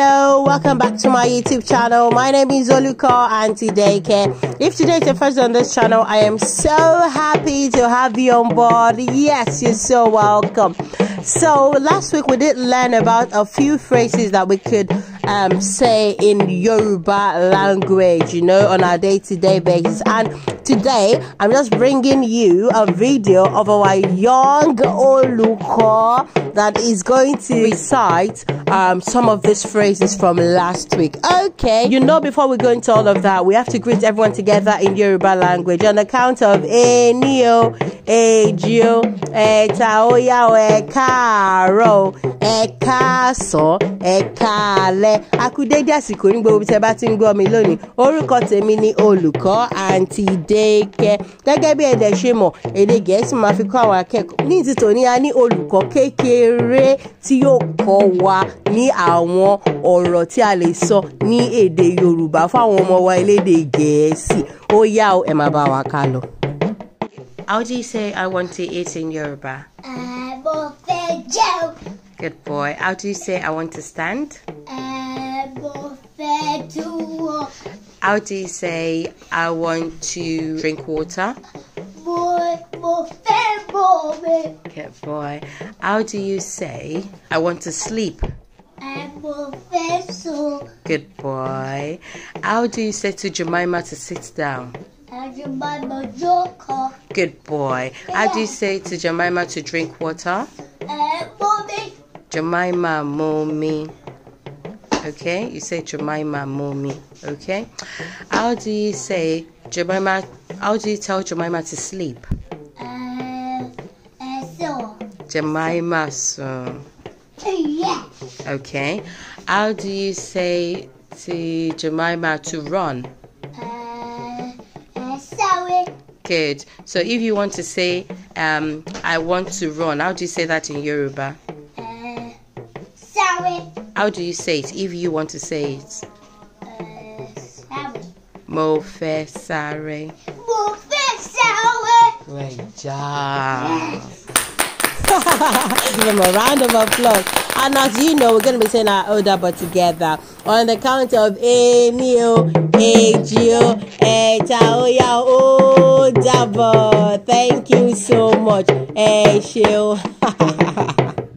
Hello, welcome back to my YouTube channel. My name is Oluko Auntie Daycare. If today is your first on this channel, I am so happy to have you on board. Yes, you're so welcome. So last week we did learn about a few phrases that we could um, say in Yoruba language, you know, on our day to day basis. And today, I'm just bringing you a video of our young Oluko that is going to recite um, some of these phrases from last week. Okay, you know, before we go into all of that, we have to greet everyone together in Yoruba language on account of Enio, Ejio, Etaoya, Ekaro, Ekaso, Ekale. bẹ́ẹ̀ a àsìkò ní gbogbo tẹ́ bá ti ń gbọ́ mi lónìí orúkọ tèmi ni olùkọ́ àǹtí Dékẹ́ gẹ́gẹ́ bí ẹ̀dẹ̀ ṣe mọ̀ èdè gẹ̀ẹ́sì máa fi kọ́ àwọn akẹ́kọ̀ọ́ ní ti tòní a ní olùkọ́ kékeré tí yóò kọ́ wa ní àwọn ọ̀rọ̀ tí a lè sọ ní èdè Yorùbá fáwọn ọmọ wa elédè gẹ̀ẹ́sì ó yá o ẹ má bá wa ká lọ. How do you say I want to eat in Yoruba? Mo fẹ́ jẹun. Good boy. How do you say I want to stand? Uh, How do you say, I want to drink water? Boy, boy, Good boy. How do you say, I want to sleep? Good boy. How do you say to Jemima to sit down? Good boy. How do you say to Jemima to drink water? Jemima, mommy okay you say jemima mommy okay how do you say jemima how do you tell jemima to sleep uh, uh, so. jemima so Yes. okay how do you say to jemima to run uh, uh, good so if you want to say um, i want to run how do you say that in yoruba how do you say it if you want to say it? Mo fẹ́ Mo fẹ́ Great job. Give him a round of applause. And as you know, we're going to be saying our order but together. On the count of èmi o, èjì o, yá ó Thank you so much. Ẹ